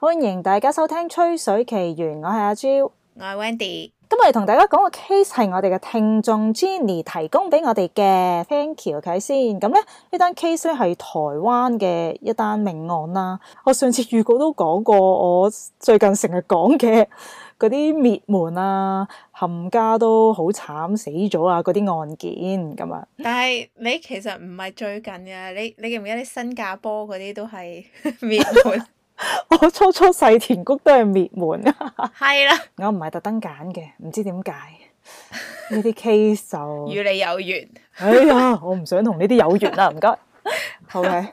歡迎大家收聽《吹水奇緣》，我係阿 Jill 我係 Wendy。今日同大家講個 case 係我哋嘅聽眾 Jeany 提供俾我哋嘅。Thank you，睇先咁咧，呢單 case 咧係台灣嘅一單命案啦。我上次預告都講過，我最近成日講嘅嗰啲滅門啊、冚家都好慘死咗啊，嗰啲案件咁啊。但係你其實唔係最近嘅，你你記唔記得新加坡嗰啲都係滅門？ 我初初細田谷都係滅門， 係啦，我唔係特登揀嘅，唔知點解呢啲 case 就與你有緣。 哎呀，我唔想同呢啲有緣啦，唔該。好嘅，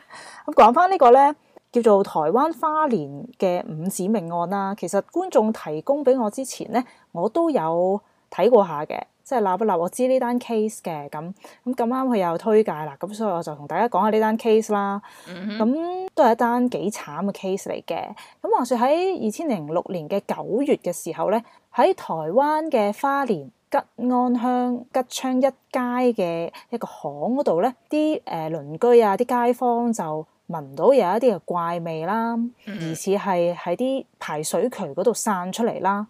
咁講翻呢個呢，叫做台灣花蓮嘅五指命案啦。其實觀眾提供俾我之前呢，我都有睇過下嘅。即係立不立，我知呢單 case 嘅咁咁咁啱佢又推介啦，咁所以我就同大家講下呢單 case 啦。咁、mm hmm. 都係一單幾慘嘅 case 嚟嘅。咁話説喺二千零六年嘅九月嘅時候咧，喺台灣嘅花蓮吉安鄉吉昌一街嘅一個巷嗰度咧，啲誒、呃、鄰居啊、啲街坊就聞到有一啲嘅怪味啦，mm hmm. 疑似係喺啲排水渠嗰度散出嚟啦。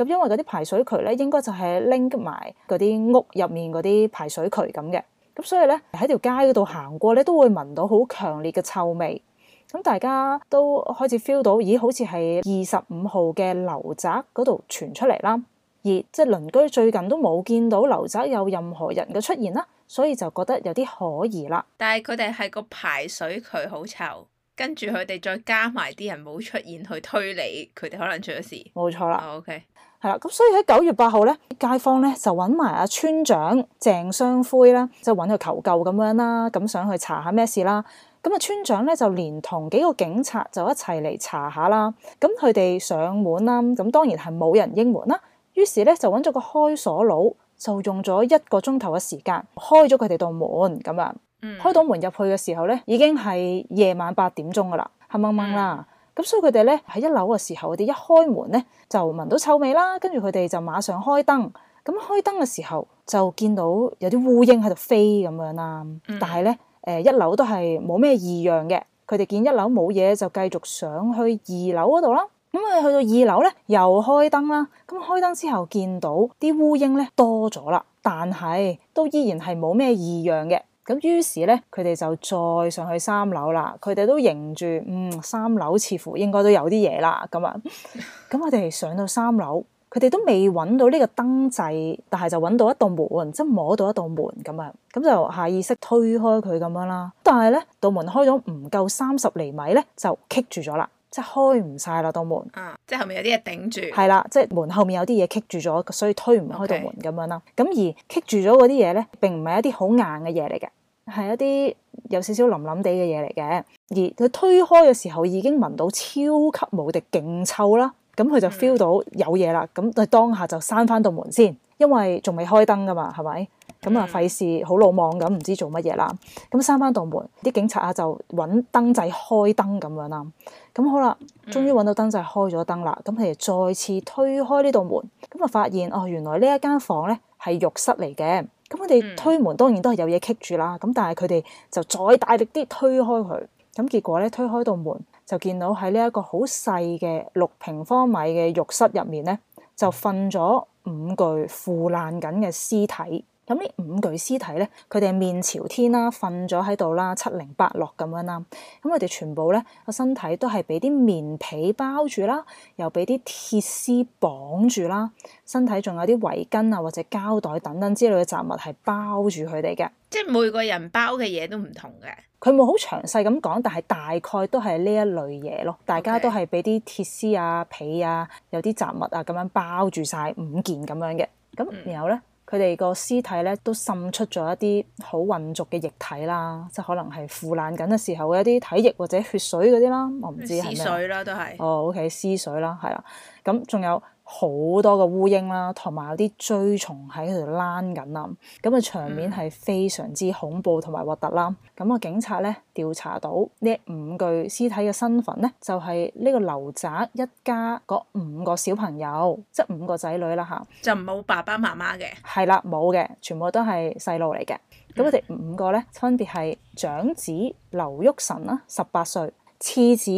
咁因為嗰啲排水渠咧，應該就係拎埋嗰啲屋入面嗰啲排水渠咁嘅，咁所以咧喺條街嗰度行過咧，都會聞到好強烈嘅臭味，咁大家都開始 feel 到，咦，好似係二十五號嘅樓宅嗰度傳出嚟啦，而即係、就是、鄰居最近都冇見到樓宅有任何人嘅出現啦，所以就覺得有啲可疑啦。但係佢哋係個排水渠好臭，跟住佢哋再加埋啲人冇出現去推理，佢哋可能出咗事。冇錯啦。Oh, OK。係啦，咁所以喺九月八號咧，街坊咧就揾埋阿村長鄭雙輝啦，就係揾佢求救咁樣啦，咁想去查下咩事啦。咁啊村長咧就連同幾個警察就一齊嚟查下啦。咁佢哋上門啦，咁當然係冇人應門啦。於是咧就揾咗個開鎖佬，就用咗一個鐘頭嘅時間開咗佢哋道門咁啊。嗯，開到門入去嘅時候咧，已經係夜晚八點鐘㗎啦，黑掹掹啦。嗯嗯咁所以佢哋咧喺一樓嘅時候，佢哋一開門咧就聞到臭味啦，跟住佢哋就馬上開燈。咁開燈嘅時候就見到有啲烏蠅喺度飛咁樣啦。但係咧誒一樓都係冇咩異樣嘅，佢哋見一樓冇嘢就繼續上去二樓嗰度啦。咁啊去到二樓咧又開燈啦，咁開燈之後見到啲烏蠅咧多咗啦，但係都依然係冇咩異樣嘅。咁於是咧，佢哋就再上去三樓啦。佢哋都認住，嗯，三樓似乎應該都有啲嘢啦。咁啊，咁我哋上到三樓，佢哋都未揾到呢個燈掣，但係就揾到一道門，即係摸到一道門咁啊。咁就下意識推開佢咁樣啦。但係咧，道門開咗唔夠三十厘米咧，就棘住咗啦，即係開唔晒啦，道門。啊！即係後面有啲嘢頂住。係啦，即係門後面有啲嘢棘住咗，所以推唔開道門咁樣啦。咁而棘住咗嗰啲嘢咧，並唔係一啲好硬嘅嘢嚟嘅。係一啲有少少腍腍地嘅嘢嚟嘅，而佢推開嘅時候已經聞到超級無敵勁臭啦，咁佢就 feel 到有嘢啦，咁佢當下就閂翻道門先，因為仲未開燈噶嘛，係咪？咁啊，費事好魯莽咁，唔知做乜嘢啦，咁閂翻道門，啲警察啊就揾燈仔開燈咁樣啦，咁好啦，終於揾到燈仔開咗燈啦，咁佢哋再次推開呢道門，咁啊發現哦，原來間呢一間房咧係浴室嚟嘅。咁佢哋推門當然都係有嘢棘住啦，咁但係佢哋就再大力啲推開佢，咁結果咧推開道門就見到喺呢一個好細嘅六平方米嘅浴室入面咧，就瞓咗五具腐爛緊嘅屍體。咁呢五具屍體咧，佢哋面朝天啦、啊，瞓咗喺度啦，七零八落咁樣啦、啊。咁佢哋全部咧個身體都係俾啲棉被包住啦，又俾啲鐵絲綁住啦，身體仲有啲圍巾啊或者膠袋等等之類嘅雜物係包住佢哋嘅。即係每個人包嘅嘢都唔同嘅。佢冇好詳細咁講，但係大概都係呢一類嘢咯。Okay. 大家都係俾啲鐵絲啊、被啊、有啲雜物啊咁樣包住晒，五件咁樣嘅。咁然後咧。嗯佢哋個屍體咧都滲出咗一啲好混濁嘅液體啦，即係可能係腐爛緊嘅時候嘅一啲體液或者血水嗰啲啦，我唔知係咩。屍水啦都係，哦，OK，屍水啦，係啦，咁仲有。好多個烏蠅啦，同埋有啲追蟲喺佢度躝緊啦，咁嘅場面係非常之恐怖同埋核突啦。咁個警察咧調查到呢五具屍體嘅身份咧，就係、是、呢個劉宅一家嗰五個小朋友，即五個仔女啦嚇，就冇爸爸媽媽嘅，係啦冇嘅，全部都係細路嚟嘅。咁佢哋五個咧分別係長子劉旭晨啦，十八歲，次子。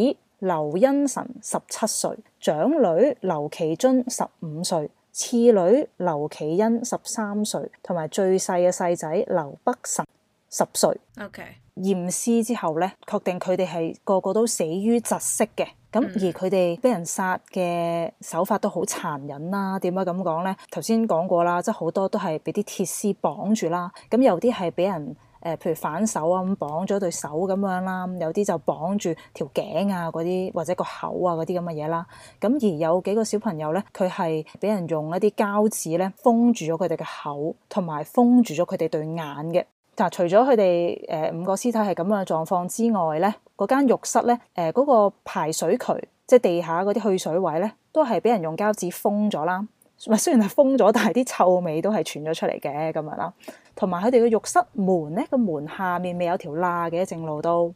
劉恩臣十七歲，長女劉其津十五歲，次女劉其恩十三歲，同埋最細嘅細仔劉北辰十歲。OK，驗屍之後咧，確定佢哋係個個都死於窒息嘅。咁而佢哋俾人殺嘅手法都好殘忍啦，啊。點解咁講咧？頭先講過啦，即係好多都係俾啲鐵絲綁住啦。咁有啲係俾人。誒，譬如反手啊，咁綁咗對手咁樣啦，有啲就綁住條頸啊，嗰啲或者個口啊，嗰啲咁嘅嘢啦。咁而有幾個小朋友咧，佢係俾人用一啲膠紙咧封住咗佢哋嘅口，同埋封住咗佢哋對眼嘅。嗱，除咗佢哋誒五個屍體係咁樣嘅狀況之外咧，嗰間浴室咧，誒、那、嗰個排水渠即係地下嗰啲去水位咧，都係俾人用膠紙封咗啦。咪雖然係封咗，但係啲臭味都係傳咗出嚟嘅咁樣啦。同埋佢哋嘅浴室門咧，個門下面未有條罅嘅，正路都，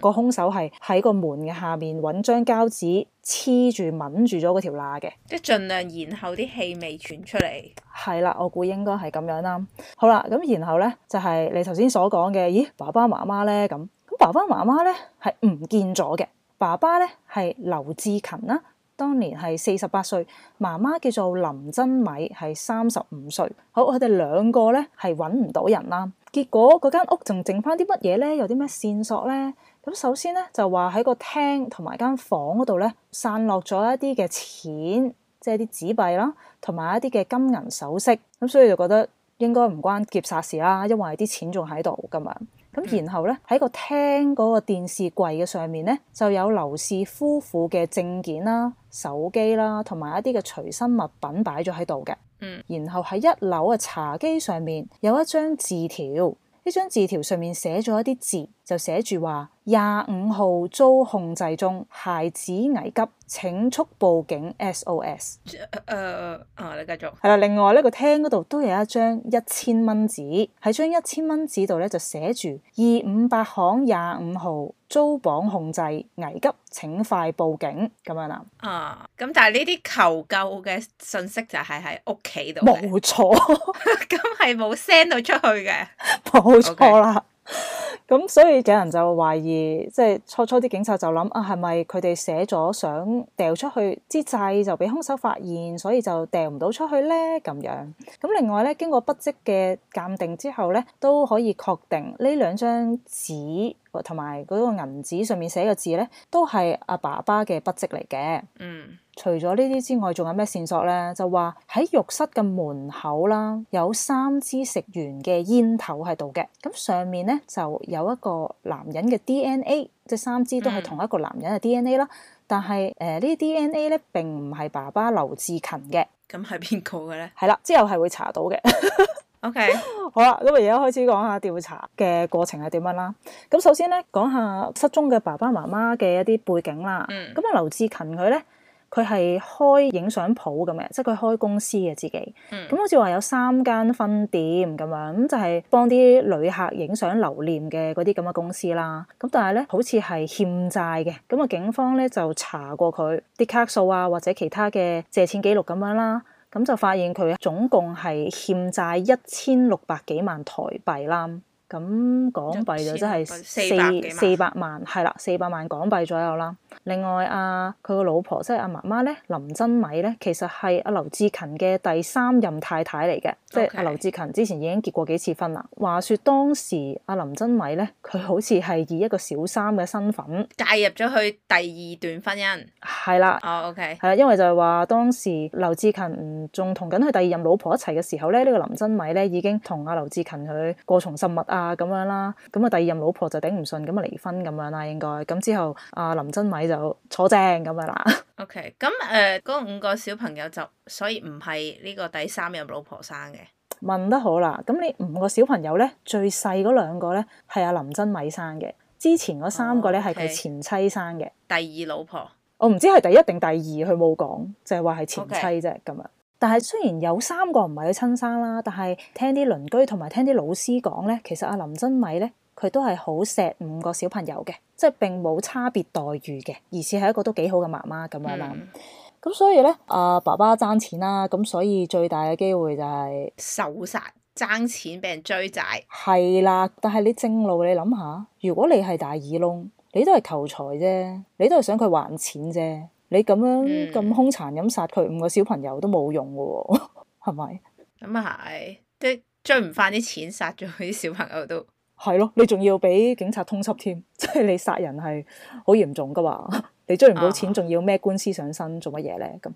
個兇、嗯、手係喺個門嘅下面揾張膠紙黐住，抿住咗嗰條罅嘅，即係盡量延後啲氣味傳出嚟。係啦，我估應該係咁樣啦。好啦，咁然後咧就係、是、你頭先所講嘅，咦，爸爸媽媽咧咁，咁爸爸媽媽咧係唔見咗嘅。爸爸咧係劉志勤啦。當年係四十八歲，媽媽叫做林珍米，係三十五歲。好，佢哋兩個咧係揾唔到人啦。結果嗰間屋仲剩翻啲乜嘢咧？有啲咩線索咧？咁首先咧就話喺個廳同埋間房嗰度咧散落咗一啲嘅錢，即係啲紙幣啦，同埋一啲嘅金銀首飾。咁所以就覺得應該唔關劫殺事啦，因為啲錢仲喺度噶嘛。咁然後咧喺個廳嗰個電視櫃嘅上面咧就有劉氏夫婦嘅證件啦、啊、手機啦、啊，同埋一啲嘅隨身物品擺咗喺度嘅。嗯，然後喺一樓嘅茶幾上面有一張字條，呢張字條上面寫咗一啲字。就寫住話廿五號遭控制中，孩子危急，請速報警 SOS。誒，我哋，嗯呃哦、繼續。係啦，另外呢，這個廳嗰度都有一張一千蚊紙，喺張一千蚊紙度呢，就寫住二五八巷，廿五號遭綁控制，危急，請快報警咁樣啦。啊，咁，嗯、但係呢啲求救嘅信息就係喺屋企度。冇錯，咁係冇 send 到出去嘅。冇 錯啦了。Okay. 咁 所以有人就懷疑，即係初初啲警察就諗啊，係咪佢哋寫咗想掉出去之際就俾兇手發現，所以就掉唔到出去咧咁樣？咁另外咧，經過筆跡嘅鑑定之後咧，都可以確定兩張紙紙呢兩張紙同埋嗰個銀紙上面寫嘅字咧，都係阿爸爸嘅筆跡嚟嘅。嗯。除咗呢啲之外，仲有咩線索咧？就話喺浴室嘅門口啦，啊，有三支食完嘅煙頭喺度嘅。咁，啊，上面咧就有一個男人嘅 DNA，即係三支都係同一個男人嘅 DNA 啦。但係誒呢啲 DNA 咧並唔係爸爸劉志勤嘅。咁係邊個嘅咧？係啦，之後係會查到嘅。 OK，好啦，咁啊而家開始講下調查嘅過程係點樣啦。咁首先咧講下失蹤嘅爸爸媽媽嘅一啲背景啦。嗯。咁啊，劉志勤佢咧。佢係開影相鋪咁嘅，即係佢開公司嘅自己。咁、嗯、好似話有三間分店咁樣，咁就係、是、幫啲旅客影相留念嘅嗰啲咁嘅公司啦。咁但係咧，好似係欠債嘅。咁啊，警方咧就查過佢啲卡數啊，或者其他嘅借錢記錄咁樣啦。咁就發現佢總共係欠債一千六百幾萬台幣啦。咁港幣就真係四四百萬，係啦，四百萬港幣左右啦。另外啊，佢個老婆即係阿媽媽咧，林珍米咧，其實係阿劉志勤嘅第三任太太嚟嘅。Okay. 即係阿劉志勤之前已經結過幾次婚啦。話說當時阿、啊、林珍米咧，佢好似係以一個小三嘅身份介入咗去第二段婚姻。係啦、啊。哦、啊，OK。係啦，因為就係話當時劉志勤仲同緊佢第二任老婆一齊嘅時候咧，呢、這個林珍米咧已經同阿劉志勤佢過從甚密。啊。啊咁樣啦，咁啊第二任老婆就頂唔順，咁啊離婚咁樣啦，應該咁之後啊林真米就坐正咁啊啦。OK，咁誒嗰五個小朋友就所以唔係呢個第三任老婆生嘅。問得好啦，咁你五個小朋友咧，最細嗰兩個咧係阿林真米生嘅，之前嗰三個咧係佢前妻生嘅。第二老婆。我唔知係第一定第二，佢冇講，就係話係前妻啫咁啊。Okay. 但係雖然有三個唔係佢親生啦，但係聽啲鄰居同埋聽啲老師講咧，其實阿林真米咧佢都係好錫五個小朋友嘅，即係並冇差別待遇嘅，而是係一個都幾好嘅媽媽咁樣啦。咁、嗯、所以咧，阿、啊、爸爸爭錢啦，咁所以最大嘅機會就係、是、受殺爭錢俾人追債。係啦，但係你正路，你諗下，如果你係大耳窿，你都係求財啫，你都係想佢還錢啫。你咁樣咁、嗯、兇殘咁殺佢五個小朋友都冇用嘅喎，係 咪吧？咁啊係，即係追唔翻啲錢，殺咗佢啲小朋友都係咯。你仲要俾警察通緝添，即 係你殺人係好嚴重噶嘛？你追唔到錢，仲要咩官司上身，做乜嘢咧？咁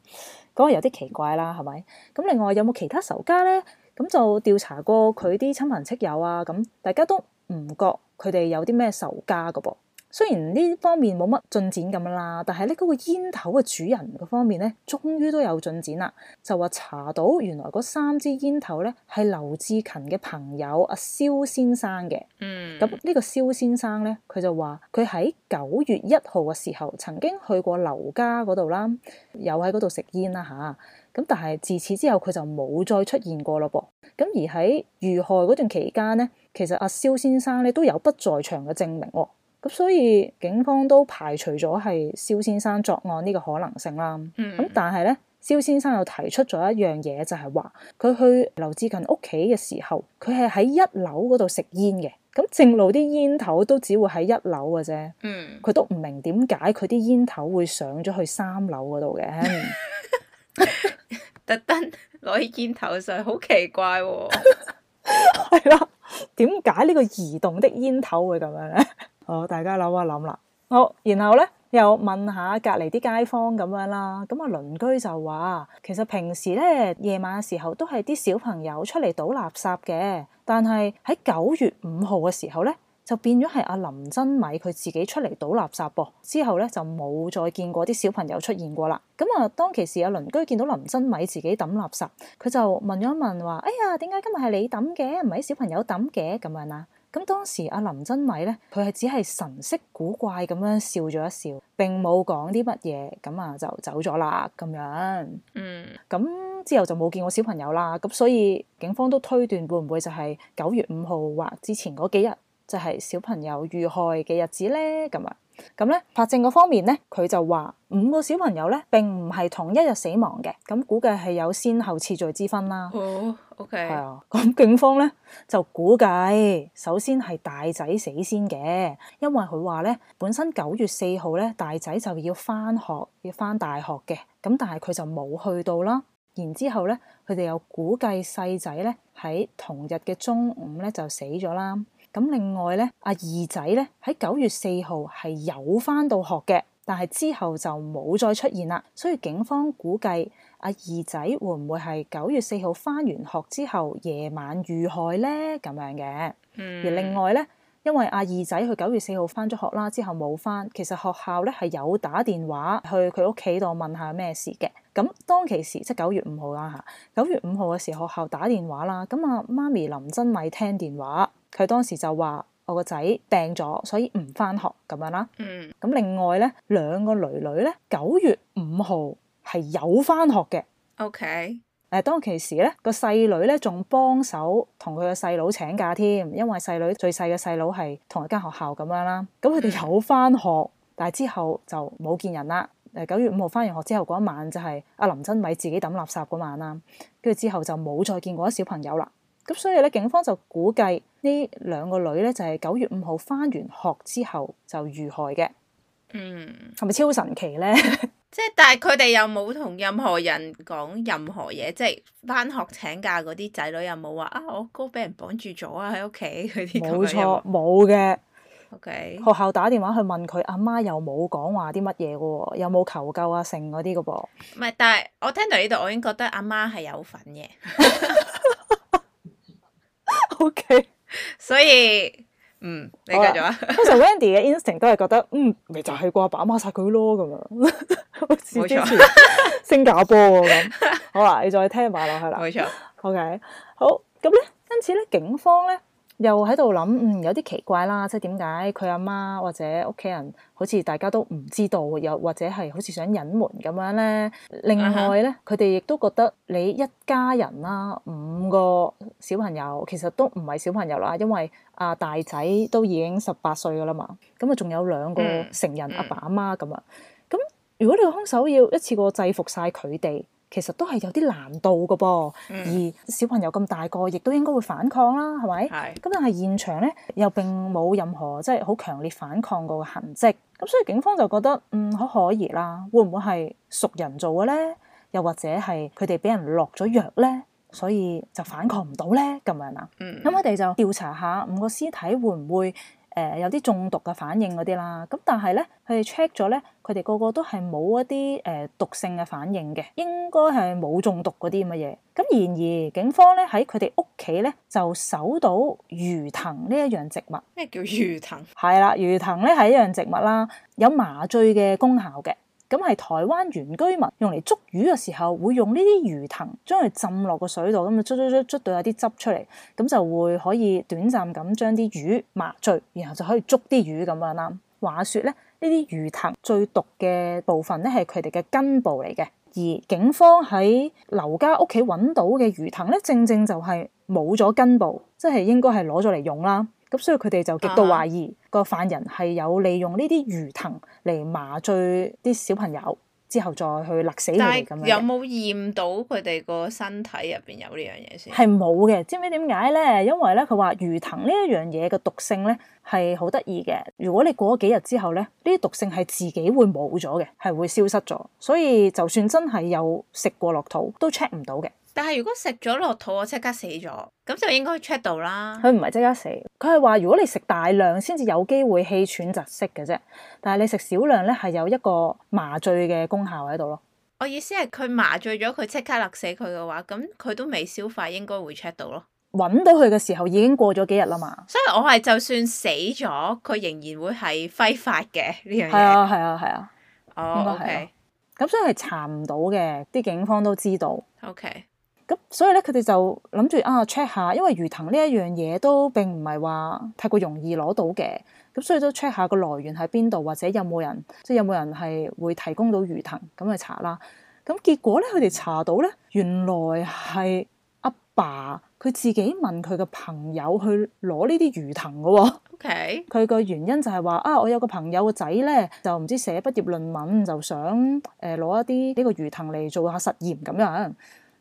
嗰個有啲奇怪啦，係咪？咁另外有冇其他仇家咧？咁就調查過佢啲親朋戚友啊，咁大家都唔覺佢哋有啲咩仇家㗎噃。雖然呢方面冇乜進展咁啦，但係咧，嗰個煙頭嘅主人嘅方面咧，終於都有進展啦。就話查到原來嗰三支煙頭咧，係劉志勤嘅朋友阿、啊、蕭先生嘅。嗯，咁呢個蕭先生咧，佢就話佢喺九月一號嘅時候曾經去過劉家嗰度啦，又喺嗰度食煙啦、啊、吓。咁、啊、但係自此之後佢就冇再出現過咯。噃、啊、咁而喺遇害嗰段期間咧，其實阿、啊、蕭先生咧都有不在場嘅證明、哦。咁所以警方都排除咗係蕭先生作案呢個可能性啦。咁、嗯、但係咧，蕭先生又提出咗一樣嘢，就係話佢去劉志近屋企嘅時候，佢係喺一樓嗰度食煙嘅。咁正路啲煙頭都只會喺一樓嘅啫。佢、嗯、都唔明點解佢啲煙頭會上咗去三樓嗰度嘅， 特登攞煙頭上，好奇怪喎、哦。係 啦， 點解呢個移動的煙頭會咁樣咧？哦，大家諗一諗啦。好，然後咧又問下隔離啲街坊咁樣啦。咁啊鄰居就話，其實平時咧夜晚嘅時候都係啲小朋友出嚟倒垃圾嘅。但係喺九月五號嘅時候咧，就變咗係阿林真米佢自己出嚟倒垃圾噃。之後咧就冇再見過啲小朋友出現過啦。咁啊當其時阿鄰居見到林真米自己抌垃圾，佢就問咗一問話：「哎呀，點解今日係你抌嘅，唔係啲小朋友抌嘅？咁樣啦。咁當時阿林真偉咧，佢係只係神色古怪咁樣笑咗一笑，並冇講啲乜嘢，咁啊就走咗啦，咁樣。嗯，咁之後就冇見過小朋友啦。咁所以警方都推斷會唔會就係九月五號或之前嗰幾日，就係、是、小朋友遇害嘅日子咧？咁啊，咁咧拍證嗰方面咧，佢就話五個小朋友咧並唔係同一日死亡嘅，咁估計係有先後次序之分啦。哦。係啊，咁 Okay.、嗯、警方咧就估計，首先係大仔死先嘅，因為佢話咧，本身九月四號咧大仔就要返學，要返大學嘅，咁但係佢就冇去到啦。然之後咧，佢哋又估計細仔咧喺同日嘅中午咧就死咗啦。咁、嗯、另外咧，阿二仔咧喺九月四號係有返到學嘅。但係之後就冇再出現啦，所以警方估計阿二仔會唔會係九月四號翻完學之後夜晚遇害咧？咁樣嘅。嗯。而另外咧，因為阿二仔佢九月四號翻咗學啦，之後冇翻，其實學校咧係有打電話去佢屋企度問下咩事嘅。咁當其時即係九月五號啦嚇，九月五號嘅時候學校打電話啦，咁阿媽咪林真米聽電話，佢當時就話。我個仔病咗，所以唔翻學咁樣啦。咁、mm. 另外咧，兩個女女咧，九月五號係有翻學嘅。OK。誒，當其時咧，個細女咧仲幫手同佢個細佬請假添，因為細女最細嘅細佬係同一間學校咁樣啦。咁佢哋有翻學，mm. 但係之後就冇見人啦。誒，九月五號翻完學之後嗰一晚就係阿林真美自己抌垃圾嗰晚啦。跟住之後就冇再見過啲小朋友啦。咁所以咧，警方就估計呢兩個女咧就係九月五號翻完學之後就遇害嘅。嗯，係咪超神奇咧？即 係但係佢哋又冇同任何人講任何嘢，即係翻學請假嗰啲仔女又冇話啊，我哥俾人綁住咗啊，喺屋企佢啲。冇錯，冇嘅。OK，學校打電話去問佢阿媽，又冇講話啲乜嘢嘅喎，又冇求救啊，剩嗰啲嘅噃。唔係，但係我聽到呢度，我已經覺得阿媽係有份嘅。 OK，所以嗯，你繼續啊。通常 Wendy 嘅 instinct 都係覺得，嗯，咪就係個阿爸阿媽殺佢咯咁樣， 好似之前新加坡咁。好啦，你再聽埋落去啦。冇錯，OK，好。咁咧，因此咧，警方咧。又喺度諗，嗯，有啲奇怪啦，即係點解佢阿媽或者屋企人好似大家都唔知道，又或者係好似想隱瞞咁樣咧？另外咧，佢哋亦都覺得你一家人啦，五個小朋友其實都唔係小朋友啦，因為啊大仔都已經十八歲㗎啦嘛，咁啊仲有兩個成人阿爸阿媽咁啊，咁如果你個兇手要一次過制服晒佢哋，其實都係有啲難度㗎噃，嗯、而小朋友咁大個，亦都應該會反抗啦，係咪？咁是但係現場咧，又並冇任何即係好強烈反抗過嘅痕跡，咁所以警方就覺得，嗯，可可疑啦。會唔會係熟人做嘅咧？又或者係佢哋俾人落咗藥咧，所以就反抗唔到咧咁樣啊？咁佢哋就調查下，五個屍體會唔會？誒、呃、有啲中毒嘅反應嗰啲啦，咁但係咧，佢哋 check 咗咧，佢哋個個都係冇一啲誒、呃、毒性嘅反應嘅，應該係冇中毒嗰啲咁嘅嘢。咁然而警方咧，喺佢哋屋企咧就搜到魚藤呢一樣植物。咩叫魚藤？係啦，魚藤咧係一樣植物啦，有麻醉嘅功效嘅。咁係台灣原居民用嚟捉魚嘅時候，會用呢啲魚藤將佢浸落個水度，咁啊，捽捽捽捽到有啲汁出嚟，咁就會可以短暫咁將啲魚麻醉，然後就可以捉啲魚咁樣啦。話說咧，呢啲魚藤最毒嘅部分咧係佢哋嘅根部嚟嘅，而警方喺劉家屋企揾到嘅魚藤咧，正正就係冇咗根部，即係應該係攞咗嚟用啦。咁所以佢哋就極度懷疑。Uh huh. 個犯人係有利用呢啲魚藤嚟麻醉啲小朋友，之後再去勒死佢咁樣。但有冇驗到佢哋個身體入邊有呢樣嘢先？係冇嘅，知唔知點解咧？因為咧佢話魚藤呢一樣嘢嘅毒性咧係好得意嘅。如果你過咗幾日之後咧，呢啲毒性係自己會冇咗嘅，係會消失咗。所以就算真係有食過落肚，都 check 唔到嘅。但係如果食咗落肚，我即刻死咗，咁就應該 check 到啦。佢唔係即刻死，佢係話如果你食大量先至有機會氣喘窒息嘅啫。但係你食少量咧，係有一個麻醉嘅功效喺度咯。我意思係佢麻醉咗，佢即刻勒死佢嘅話，咁佢都未消化，應該會 check 到咯。揾到佢嘅時候已經過咗幾日啦嘛。所以我係就算死咗，佢仍然會係揮發嘅呢樣嘢。係啊係啊係啊，啊啊啊哦、應該係、啊。咁 OK。所以係查唔到嘅，啲警方都知道。OK。咁所以咧，佢哋就諗住啊 check 下，因為魚藤呢一樣嘢都並唔係話太過容易攞到嘅，咁所以都 check 下個來源喺邊度，或者有冇人即係、就是、有冇人係會提供到魚藤咁去查啦。咁結果咧，佢哋查到咧，原來係阿爸佢自己問佢嘅朋友去攞呢啲魚藤嘅喎。OK，佢個原因就係話啊，我有個朋友個仔咧就唔知寫畢業論文就想誒攞、呃、一啲呢個魚藤嚟做下實驗咁樣。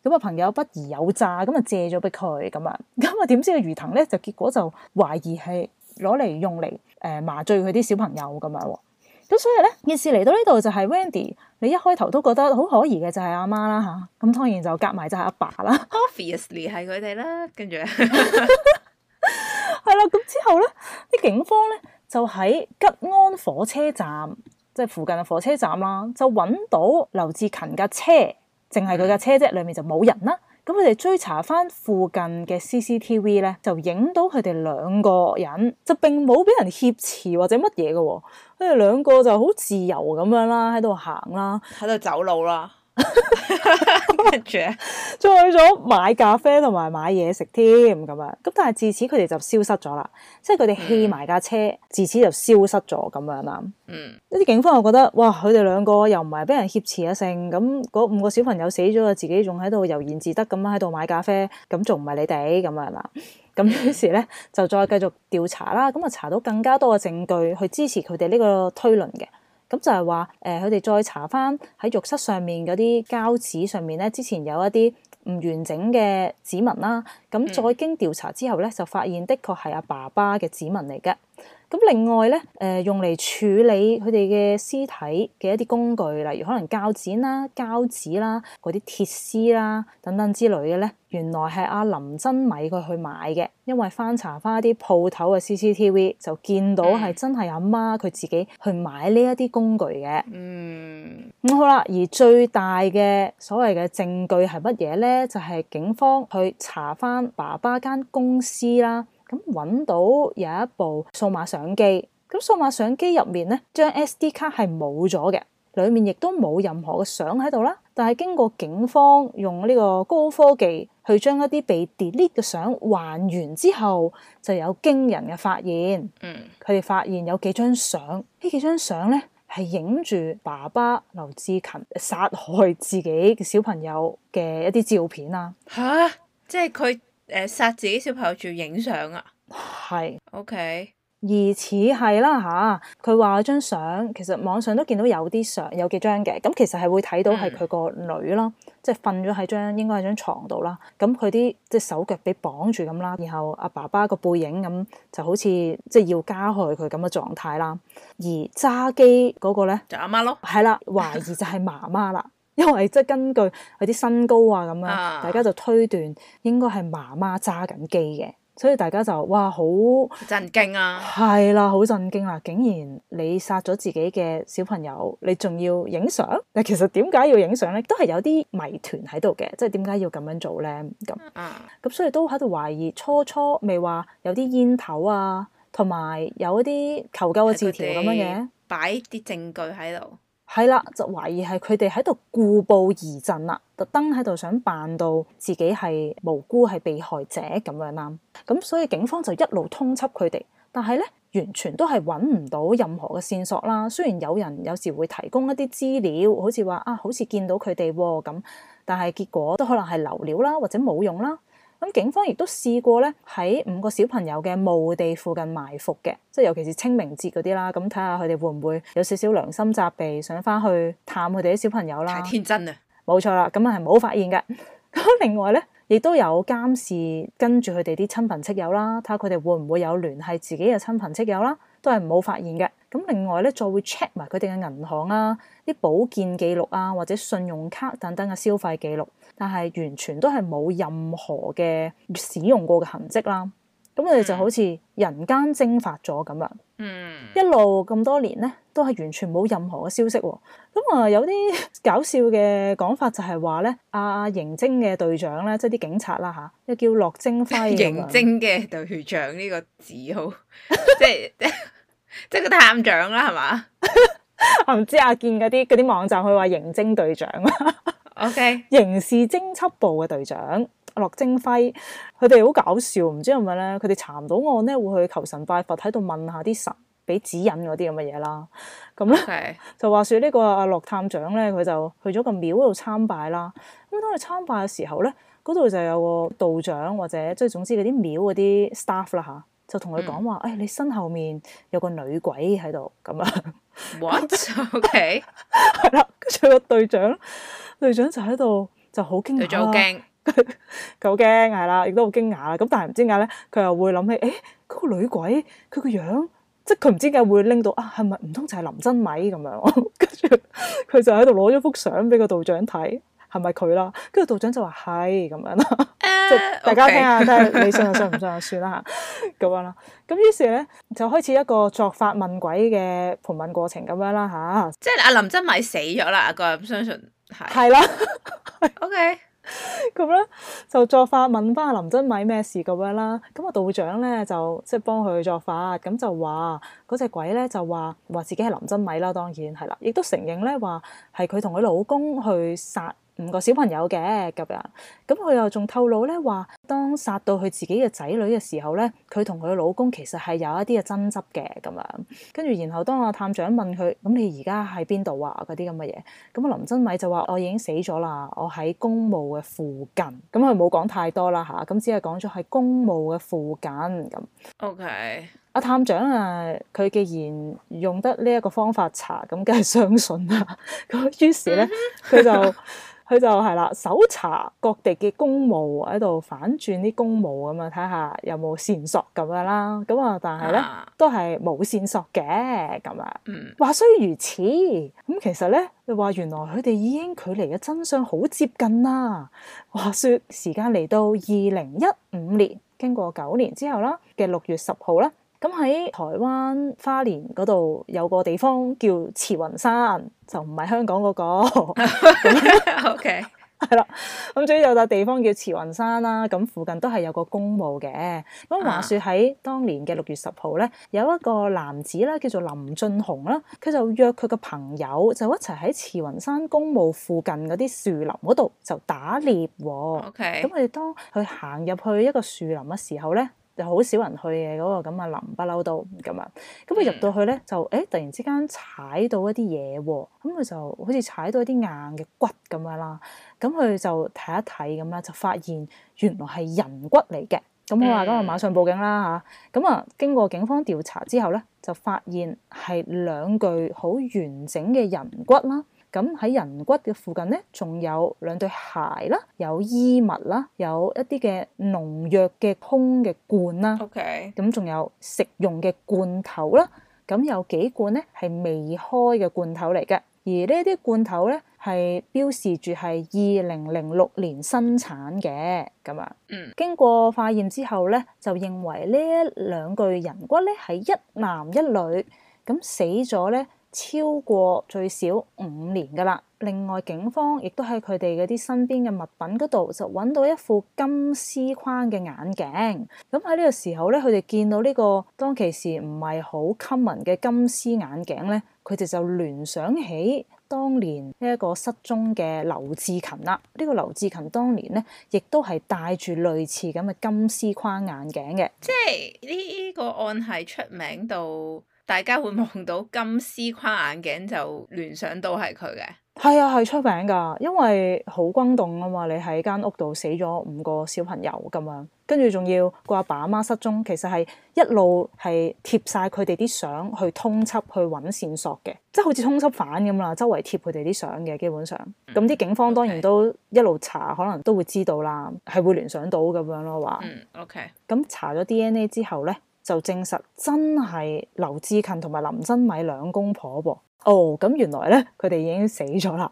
咁啊朋友不疑有詐，咁啊借咗俾佢咁啊，咁啊點知個魚藤咧就結果就懷疑係攞嚟用嚟誒、呃、麻醉佢啲小朋友咁樣。咁所以咧，件事嚟到呢度就係 Wendy，你一開頭都覺得好可疑嘅就係阿媽啦吓，咁、啊啊、當然就夾埋就係阿爸啦，Obviously 係佢哋啦，跟住係啦，咁、 嗯、之後咧，啲警方咧就喺吉安火車站即係、就是、附近嘅火車站啦，就揾到劉志勤架車。淨係佢架車啫，裏面就冇人啦。咁佢哋追查翻附近嘅 CCTV 咧，就影到佢哋兩個人，就並冇俾人挾持或者乜嘢嘅喎。佢哋兩個就好自由咁樣啦，喺度行啦，喺度走路啦。再 去咗買咖啡同埋買嘢食添咁樣，咁但係自此佢哋就消失咗啦，即係佢哋棄埋架車，嗯、自此就消失咗咁樣啦。嗯，呢啲警方又覺得，哇，佢哋兩個又唔係俾人挾持一成咁，嗰五個小朋友死咗啊，自己仲喺度悠然自得咁樣喺度買咖啡，咁仲唔係你哋咁樣啦？咁於是咧就再繼續調查啦，咁啊查到更加多嘅證據去支持佢哋呢個推論嘅。咁就係話，誒佢哋再查翻喺浴室上面嗰啲膠紙上面咧，之前有一啲唔完整嘅指紋啦。咁再經調查之後咧，就發現的確係阿爸爸嘅指紋嚟嘅。咁另外咧，誒、呃、用嚟處理佢哋嘅屍體嘅一啲工具，例如可能鉸剪啦、膠紙啦、嗰啲鐵絲啦等等之類嘅咧，原來係阿林真米佢去買嘅，因為翻查翻一啲鋪頭嘅 CCTV 就見到係真係阿媽佢自己去買呢一啲工具嘅。嗯，咁好啦，而最大嘅所謂嘅證據係乜嘢咧？就係、是、警方去查翻爸爸間公司啦。搵到有一部數碼相機，咁數碼相機入面咧，張 SD 卡係冇咗嘅，裏面亦都冇任何嘅相喺度啦。但係經過警方用呢個高科技去將一啲被 delete 嘅相還原之後，就有驚人嘅發現。嗯，佢哋發現有幾張相，呢幾張相咧，係影住爸爸劉志勤殺害自己嘅小朋友嘅一啲照片啊！吓、啊，即係佢。誒殺自己小朋友仲要影相啊！係，OK，而似係啦嚇，佢話張相其實網上都見到有啲相有幾張嘅。咁、啊、其實係會睇到係佢個女啦、嗯啊，即係瞓咗喺張應該喺張床度啦，咁佢啲即係手腳俾綁住咁啦，然後阿、啊、爸爸個背影咁、啊、就好似即係要加害佢咁嘅狀態啦。而揸機嗰個咧就阿媽咯，係啦，懷疑就係媽媽啦。 因為即係根據佢啲身高啊，咁樣，uh, 大家就推斷應該係媽媽揸緊機嘅，所以大家就哇好震驚啊！係啦，好震驚啦、啊！竟然你殺咗自己嘅小朋友，你仲要影相？誒，其實點解要影相咧？都係有啲謎團喺度嘅，即係點解要咁樣做咧？咁咁、uh, 所以都喺度懷疑，初初未話有啲煙頭啊，同埋有，有一啲求救嘅字條咁到樣嘅，擺啲證據喺度。係啦，就懷疑係佢哋喺度故布疑陣啦，特登喺度想扮到自己係無辜係被害者咁樣啦。咁所以警方就一路通緝佢哋，但係咧完全都係搵唔到任何嘅線索啦。雖然有人有時會提供一啲資料，好似話啊，好似見到佢哋咁，但係結果都可能係流料啦，或者冇用啦。咁警方亦都試過咧，喺五個小朋友嘅墓地附近埋伏嘅，即係尤其是清明節嗰啲啦，咁睇下佢哋會唔會有少少良心責備，想翻去探佢哋啲小朋友啦。太天真啦！冇錯啦，咁啊係冇發現嘅。咁另外咧，亦都有監視跟住佢哋啲親朋戚友啦，睇下佢哋會唔會有聯繫自己嘅親朋戚友啦，都係冇發現嘅。咁另外咧，再會 check 埋佢哋嘅銀行啊、啲保健記錄啊或者信用卡等等嘅消費記錄。但係完全都係冇任何嘅使用過嘅痕跡啦，咁我哋就好似人間蒸發咗咁樣，嗯，一路咁多年咧，都係完全冇任何嘅消息喎、啊。咁啊，有啲搞笑嘅講法就係話咧，阿、啊、刑偵嘅隊長咧，即係啲警察啦吓、啊， 即叫駱精輝刑偵嘅隊長呢個字號，即係即係個探長啦，係嘛？我唔 知阿 Jean 嗰啲嗰啲網站佢話刑偵隊長啊。 O.K. 刑事偵緝部嘅隊長，樂正輝，佢哋好搞笑，唔知係咪咧？佢哋查唔到案咧，會去求神拜佛，喺度問下啲神，俾指引嗰啲咁嘅嘢啦。咁咧 Okay. 就話說呢個阿樂探長咧，佢就去咗個廟度參拜啦。咁當佢參拜嘅時候咧，嗰度就有個道長或者即係總之嗰啲廟嗰啲 staff 啦吓。就同佢講話，誒、嗯哎、你身後面有個女鬼喺度咁樣。What？Okay。係啦，跟住個隊長，隊長就喺度就好驚、啊，隊長好驚，佢好驚係啦，亦都好驚訝啦。咁但係唔知點解咧，佢又會諗起，誒、欸、嗰、那個女鬼佢個樣，即係佢唔知點解會拎到啊，係咪唔通就係林珍米咁樣？跟住佢就喺度攞咗幅相俾個道長睇，係咪佢啦？跟住道長就話係咁樣啦，即 大家聽下，睇 Okay. 你信就信，唔信就算啦吓咁樣啦。咁於是咧就開始一個作法問鬼嘅盤問過程咁樣啦吓，即係阿林真米死咗啦，我個人相信係係啦。是了 OK，咁咧就作法問翻阿林真米咩事咁樣啦。咁啊道長咧就即係幫佢作法，咁就話嗰隻鬼咧就話話自己係林真米啦，當然係啦，亦都承認咧話係佢同佢老公去殺五個小朋友嘅，咁樣，咁佢又仲透露咧話，當殺到佢自己嘅仔女嘅時候咧，佢同佢老公其實係有一啲嘅爭執嘅咁樣。跟住然後當阿探長問佢，咁你而家喺邊度啊？嗰啲咁嘅嘢，咁林真米就話我已經死咗啦，我喺公墓嘅附近。咁佢冇講太多啦吓，咁、啊、只係講咗喺公墓嘅附近咁。O K，阿探長啊，佢既然用得呢一個方法查，咁梗係相信啦。咁 於是咧，佢就。 佢就係啦，搜查各地嘅公務喺度反轉啲公務咁啊，睇下有冇線索咁樣啦。咁啊，但係咧都係冇線索嘅咁啊。話雖如此，咁其實咧你話原來佢哋已經距離嘅真相好接近啦。話説時間嚟到二零一五年，經過九年之後啦嘅六月十號啦。咁喺台灣花蓮嗰度有個地方叫慈雲山，就唔係香港嗰、那個。O K，係啦。咁最有笪地方叫慈雲山啦，咁附近都係有個公墓嘅。咁話說喺當年嘅六月十號咧，uh. 有一個男子啦，叫做林俊雄啦，佢就約佢嘅朋友就一齊喺慈雲山公墓附近嗰啲樹林嗰度就打獵喎、哦。O K，咁佢當佢行入去一個樹林嘅時候咧。就好少人去嘅嗰個咁啊林不嬲都咁啊，咁佢入到去咧就誒，突然之間踩到一啲嘢喎，咁佢就好似踩到一啲硬嘅骨咁樣啦，咁佢就睇一睇咁樣啦，就發現原來係人骨嚟嘅，咁我話咁啊馬上報警啦吓？咁啊經過警方調查之後咧，就發現係兩具好完整嘅人骨啦。咁喺人骨嘅附近咧，仲有兩對鞋啦，有衣物啦，有一啲嘅農藥嘅空嘅罐啦，OK，咁仲有食用嘅罐頭啦，咁有幾罐咧係未開嘅罐頭嚟嘅，而呢啲罐頭咧係標示住係二零零六年生產嘅，咁啊，嗯，mm. 經過化驗之後咧，就認為呢兩具人骨咧係一男一女，咁死咗咧。超過最少五年噶啦。另外，警方亦都喺佢哋嗰啲身邊嘅物品嗰度就揾到一副金絲框嘅眼鏡。咁喺呢個時候咧，佢哋見到呢個當其時唔係好 common 嘅金絲眼鏡咧，佢哋就聯想起當年呢一個失蹤嘅劉志勤啦。呢個劉志勤當年咧，亦都係戴住類似咁嘅金絲框眼鏡嘅。即係呢個案係出名到。大家會望到金絲框眼鏡就聯想到係佢嘅，係啊，係出名㗎，因為好轟動啊嘛。你喺間屋度死咗五個小朋友咁樣，跟住仲要個阿爸阿媽失蹤，其實係一路係貼晒佢哋啲相去通緝去揾線索嘅，即係好似通緝犯咁啦，周圍貼佢哋啲相嘅基本上。咁啲、嗯、警方當然都一路查，可能都會知道啦，係會聯想到咁樣咯話。嗯，OK。咁查咗 DNA 之後咧？就證實真係劉志勤同埋林真美兩公婆噃。哦，咁原來咧佢哋已經死咗啦。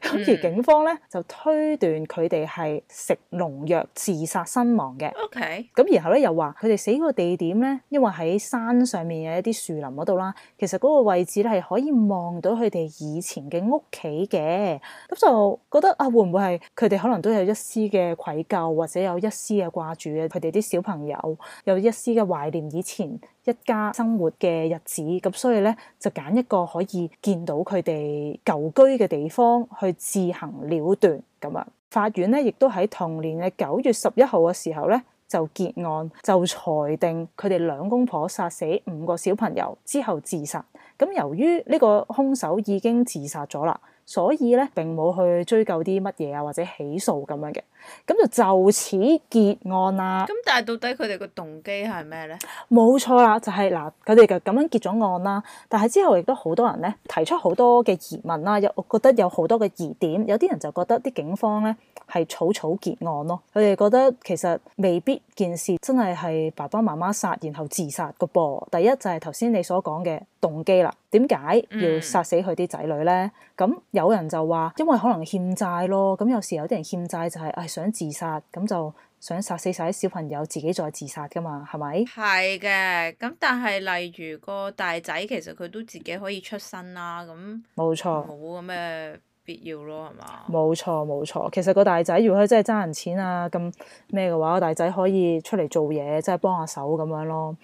咁而警方咧就推斷佢哋係食農藥自殺身亡嘅。OK。咁然後咧又話佢哋死嗰個地點咧，因為喺山上面嘅一啲樹林嗰度啦，其實嗰個位置咧係可以望到佢哋以前嘅屋企嘅。咁就覺得啊，會唔會係佢哋可能都有一絲嘅愧疚，或者有一絲嘅掛住嘅佢哋啲小朋友，有一絲嘅懷念以前一家生活嘅日子。咁所以咧就揀一個可以見到佢哋舊居嘅地方。去自行了斷咁啊。法院咧亦都喺同年嘅九月十一號嘅時候咧就結案，就裁定佢哋兩公婆殺死五個小朋友之後自殺。咁由於呢個兇手已經自殺咗啦。所以咧，並冇去追究啲乜嘢啊，或者起訴咁樣嘅，咁就就此結案啦。咁但係到底佢哋個動機係咩咧？冇錯啦，就係、是、嗱，佢哋就咁樣結咗案啦。但係之後亦都好多人咧提出好多嘅疑問啦，有我覺得有好多嘅疑點。有啲人就覺得啲警方咧係草草結案咯。佢哋覺得其實未必件事真係係爸爸媽媽殺然後自殺個噃。第一就係頭先你所講嘅動機啦。點解要殺死佢啲仔女咧？咁、嗯有人就話，因為可能欠債咯，咁有時有啲人欠債就係誒想自殺，咁就想殺死晒啲小朋友，自己再自殺噶嘛，係咪？係嘅，咁但係例如個大仔其實佢都自己可以出身啦，咁冇錯，冇咁嘅必要咯，係嘛？冇錯冇錯，其實個大仔如果佢真係爭人錢啊，咁咩嘅話，個大仔可以出嚟做嘢，即係幫下手咁樣咯。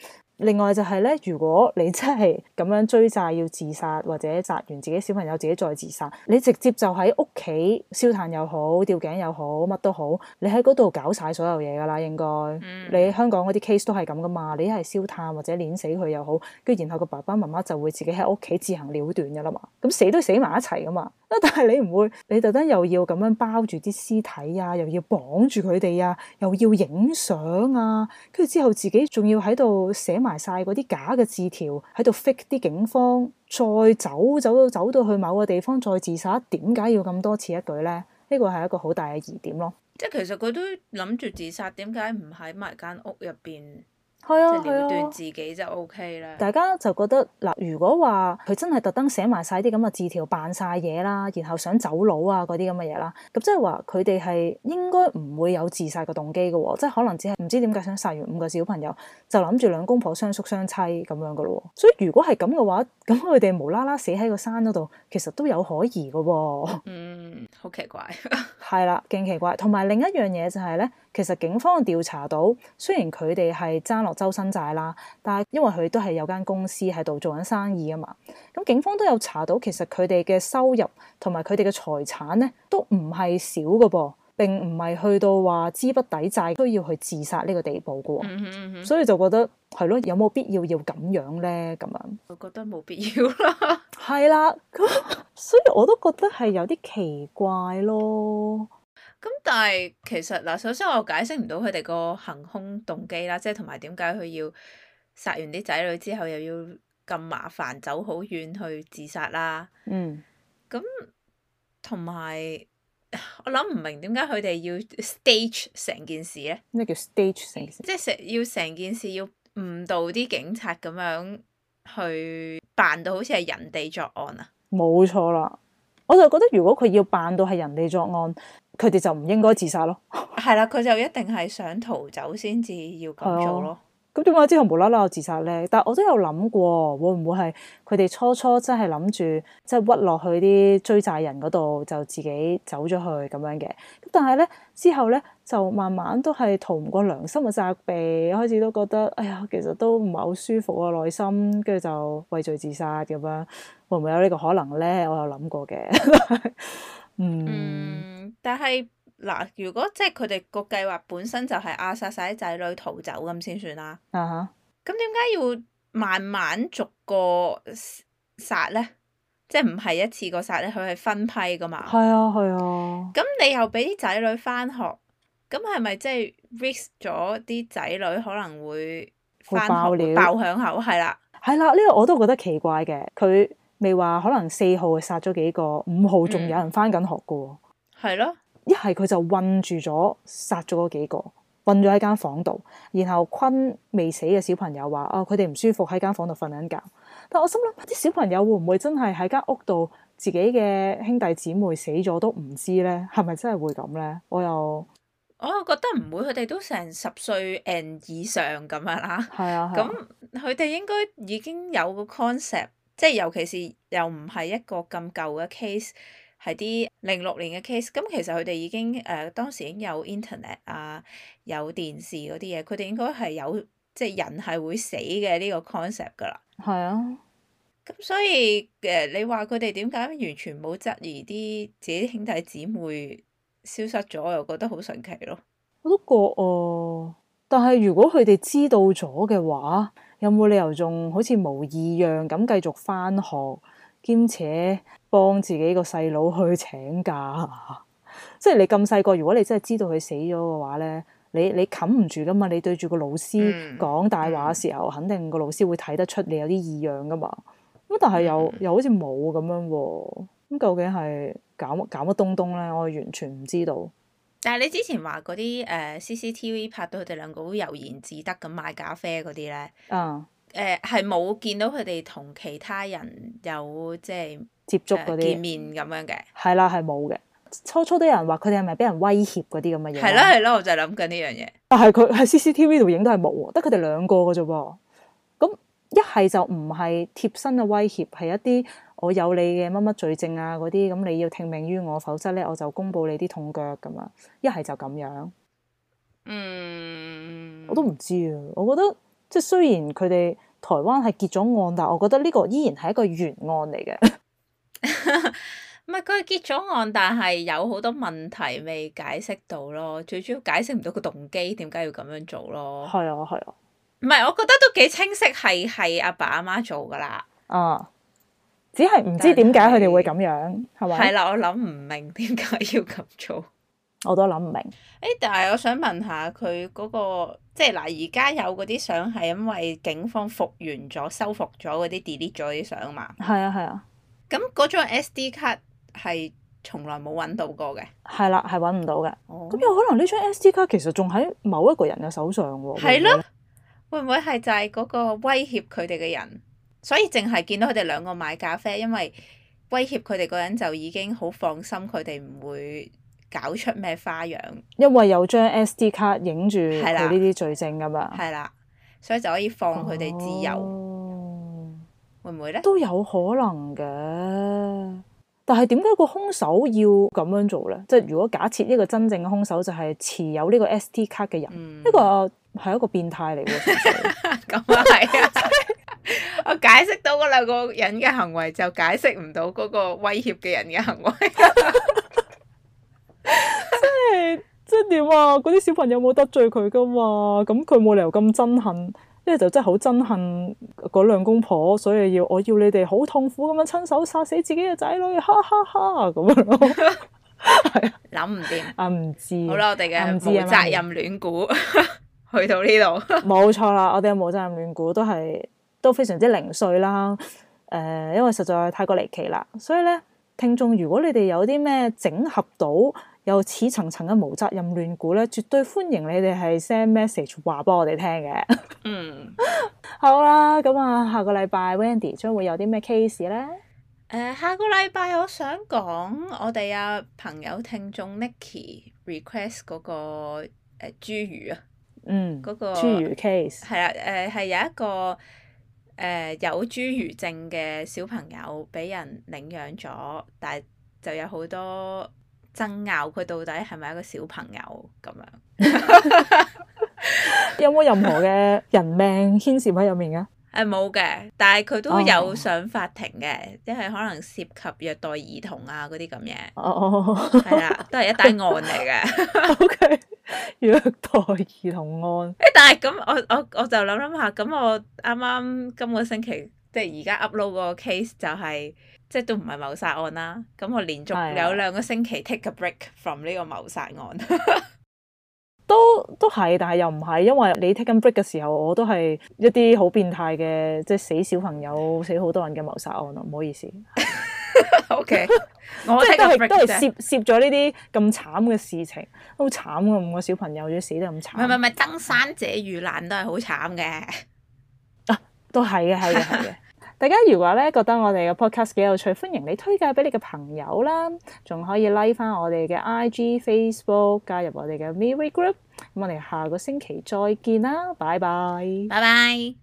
另外就係咧，如果你真係咁樣追債要自殺，或者殺完自己小朋友自己再自殺，你直接就喺屋企燒炭又好，吊頸又好，乜都好，你喺嗰度搞晒所有嘢噶啦，應該。嗯、你香港嗰啲 case 都係咁噶嘛，你一係燒炭或者碾死佢又好，跟住然後個爸爸媽媽就會自己喺屋企自行了斷噶啦嘛，咁死都死埋一齊噶嘛。但係你唔會，你特登又要咁樣包住啲屍體啊，又要綁住佢哋啊，又要影相啊，跟住之後自己仲要喺度寫埋晒嗰啲假嘅字條喺度 fix 啲警方，再走走，走到走到去某個地方再自殺，點解要咁多此一舉咧？呢個係一個好大嘅疑點咯。即係其實佢都諗住自殺，點解唔喺埋間屋入邊？係啊，即係聊一段自己就 O K 啦。大家就覺得嗱，如果話佢真係特登寫埋晒啲咁嘅字條扮晒嘢啦，然後想走佬啊嗰啲咁嘅嘢啦，咁即係話佢哋係應該唔會有自殺嘅動機嘅，哦，即係可能只係唔知點解想殺完五個小朋友，就諗住兩公婆相宿相妻咁樣噶咯。所以如果係咁嘅話，咁佢哋無啦啦死喺個山嗰度，其實都有可疑噶，哦。嗯，好奇怪，係 啦，啊，勁奇怪。同埋另一樣嘢就係、是、咧。其實警方調查到，雖然佢哋係爭落周身債啦，但係因為佢都係有間公司喺度做緊生意啊嘛。咁警方都有查到，其實佢哋嘅收入同埋佢哋嘅財產咧，都唔係少㗎噃。並唔係去到話資不抵債，都要去自殺呢個地步㗎喎。嗯哼，嗯哼，所以就覺得係咯，有冇必要要咁樣咧？咁樣我覺得冇必要 啦。係啦，咁所以我都覺得係有啲奇怪咯。咁但係其實嗱，首先我解釋唔到佢哋個行兇動機啦，即係同埋點解佢要殺完啲仔女之後又要咁麻煩走好遠去自殺啦。嗯，咁同埋我諗唔明點解佢哋要 stage 成件事咧？咩叫 stage 成件事？即係成要成件事要誤導啲警察咁樣去扮到好似係人哋作案啊？冇錯啦，我就覺得如果佢要扮到係人哋作案。佢哋就唔應該自殺咯，係 啦，佢就一定係想逃走先至要咁做咯。咁點解之後無啦啦自殺咧？但我都有諗過，會唔會係佢哋初初真係諗住即係屈落去啲追債人嗰度就自己走咗去咁樣嘅？咁但係咧之後咧就慢慢都係逃唔過良心嘅責備，開始都覺得哎呀，其實都唔係好舒服啊，內心跟住就畏罪自殺咁樣，會唔會有呢個可能咧？我有諗過嘅。 嗯，但係嗱，如果即係佢哋個計劃本身就係、是、壓、啊、殺晒啲仔女逃走咁先算啦。咁點解要慢慢逐個殺呢？即係唔係一次過殺呢，佢係分批㗎嘛？係啊、uh，係啊。咁你又俾啲仔女翻學，咁係咪即係 risk 咗啲仔女可能會翻學爆、會爆響口？係啦，係啦，呢、呢個我都覺得奇怪嘅，佢。未話可能四號殺咗幾個，五號仲有人翻緊學㗎喎。係咯、嗯，一係佢就困住咗，殺咗嗰幾個，困咗喺間房度。然後坤未死嘅小朋友話：哦，佢哋唔舒服喺間房度瞓緊覺。但我心諗啲小朋友會唔會真係喺間屋度自己嘅兄弟姊妹死咗都唔知咧？係咪真係會咁咧？我又我又覺得唔會，佢哋都成十歲誒以上咁樣啦。係 啊， 咁佢哋應該已經有個 concept。即係尤其是又唔係一個咁舊嘅 case，係啲零六年嘅 case，咁其實佢哋已經誒、呃、當時已經有 internet 啊，有電視嗰啲嘢，佢哋應該係有即係人係會死嘅呢個 concept 噶啦。係啊，咁所以誒你話佢哋點解完全冇質疑啲自己兄弟姊妹消失咗，又覺得好神奇咯？我都覺啊、哦，但係如果佢哋知道咗嘅話。有冇理由仲好似冇異樣咁繼續返學，兼且幫自己個細佬去請假？ 即係你咁細個，如果你真係知道佢死咗嘅話咧，你你冚唔住㗎嘛？你對住個老師講大話嘅時候，肯定個老師會睇得出你有啲異樣㗎嘛？咁但係又又好似冇咁樣喎、啊？咁究竟係搞乜搞乜東東咧？我完全唔知道。但係你之前話嗰啲誒 CCTV 拍到佢哋兩個好悠然自得咁賣咖啡嗰啲咧，誒係冇見到佢哋同其他人有即係接觸嗰啲、呃、見面咁樣嘅，係啦係冇嘅。初初啲人話佢哋係咪俾人威脅嗰啲咁嘅嘢？係啦係啦，我就諗緊呢樣嘢。但係佢喺 CCTV 度影都係冇，得佢哋兩個嘅啫噃。咁一係就唔係貼身嘅威脅，係一啲。我有你嘅乜乜罪證啊，嗰啲咁，你要聽命於我，否則咧我就公布你啲痛腳咁啊！一係就咁樣，嗯，我都唔知啊。我覺得即係雖然佢哋台灣係結咗案，但係我覺得呢個依然係一個懸案嚟嘅。唔係佢係結咗案，但係有好多問題未解釋到咯。最主要解釋唔到個動機，點解要咁樣做咯？係啊，係啊。唔係，我覺得都幾清晰，係係阿爸阿媽做噶啦。嗯、啊。只係唔知點解佢哋會咁樣，係咪是？係啦吧，我諗唔明點解要咁做，我都諗唔明。誒、欸，但係我想問下佢嗰個，即係嗱，而家有嗰啲相係因為警方復原咗、修復咗嗰啲 delete 咗啲相嘛？係啊，係啊。咁嗰張 SD 卡係從來冇揾到過嘅。係啦，係揾唔到嘅。咁、哦、有可能呢張 SD 卡其實仲喺某一個人嘅手上喎？係咯。會唔會係就係嗰個威脅佢哋嘅人？所以淨係見到佢哋兩個買咖啡，因為威脅佢哋個人就已經好放心，佢哋唔會搞出咩花樣。因為有張 SD 卡影住佢呢啲罪證噶嘛，係啦，所以就可以放佢哋自由，哦、會唔會咧？都有可能嘅，但係點解個兇手要咁樣做咧？即係如果假設呢個真正嘅兇手就係持有呢個 SD 卡嘅人，嗯，呢個係一個變態嚟㗎。咁啊係啊！ 我解釋到嗰兩個人嘅行為，就解釋唔到嗰個威脅嘅人嘅行為。即 係 真係點啊？嗰啲小朋友冇得罪佢㗎嘛？咁佢冇理由咁憎恨，一係就真係好憎恨嗰兩公婆，所以要我要你哋好痛苦咁樣親手殺死自己嘅仔女，哈哈哈咁樣咯。諗唔掂啊？唔知，好啦，我哋嘅無責任亂估去到呢度，冇錯啦，我哋嘅無責任亂估都係。笑 有都非常之零碎啦，誒、呃，因為實在太過離奇啦，所以咧，聽眾如果你哋有啲咩整合到又似層層嘅無責任亂估咧，絕對歡迎你哋係 send message 話俾我哋聽嘅。 嗯， 好啦，咁、嗯、啊，下個禮拜 Wendy 將會有啲咩 case 咧？誒、呃，下個禮拜我想講我哋啊朋友聽眾 Nicky request 嗰、那個侏儒啊，呃、嗯，嗰、那個侏儒 case 係啦，誒係、呃呃、有一個。誒、呃、有侏儒症嘅小朋友俾人領養咗，但係就有好多爭拗，佢到底係咪一個小朋友咁樣？ 有冇任何嘅人命牽涉喺入面啊，誒冇嘅，但係佢都有上法庭嘅，即係、oh. 可能涉及虐待兒童啊嗰啲咁嘢。哦，哦，係啦，都係一單案嚟嘅。 OK。虐待 兒童案，誒，但係咁，我我我就諗諗下，咁我啱啱今個星期，即係而家 upload 個 case 就係、是，即係都唔係謀殺案啦。咁我連續有兩個星期 take a break from 呢個謀殺案， 都都係，但係又唔係，因為你 take 緊 break 嘅時候，我都係一啲好變態嘅，即係死小朋友、死好多人嘅謀殺案咯，唔好意思。 O K，即係都係是都係攝攝咗呢啲咁慘嘅事情，好慘啊！五個小朋友，要死得咁慘。唔係唔係，登山者遇難都係好慘嘅。都係嘅，係嘅，係嘅。 大家如果咧覺得我哋嘅 podcast 幾有趣，歡迎你推介俾你嘅朋友啦，仲可以 like 翻我哋嘅 I G、Facebook，加入我哋嘅 Miri Group。咁我哋下個星期再見啦，拜拜，拜拜。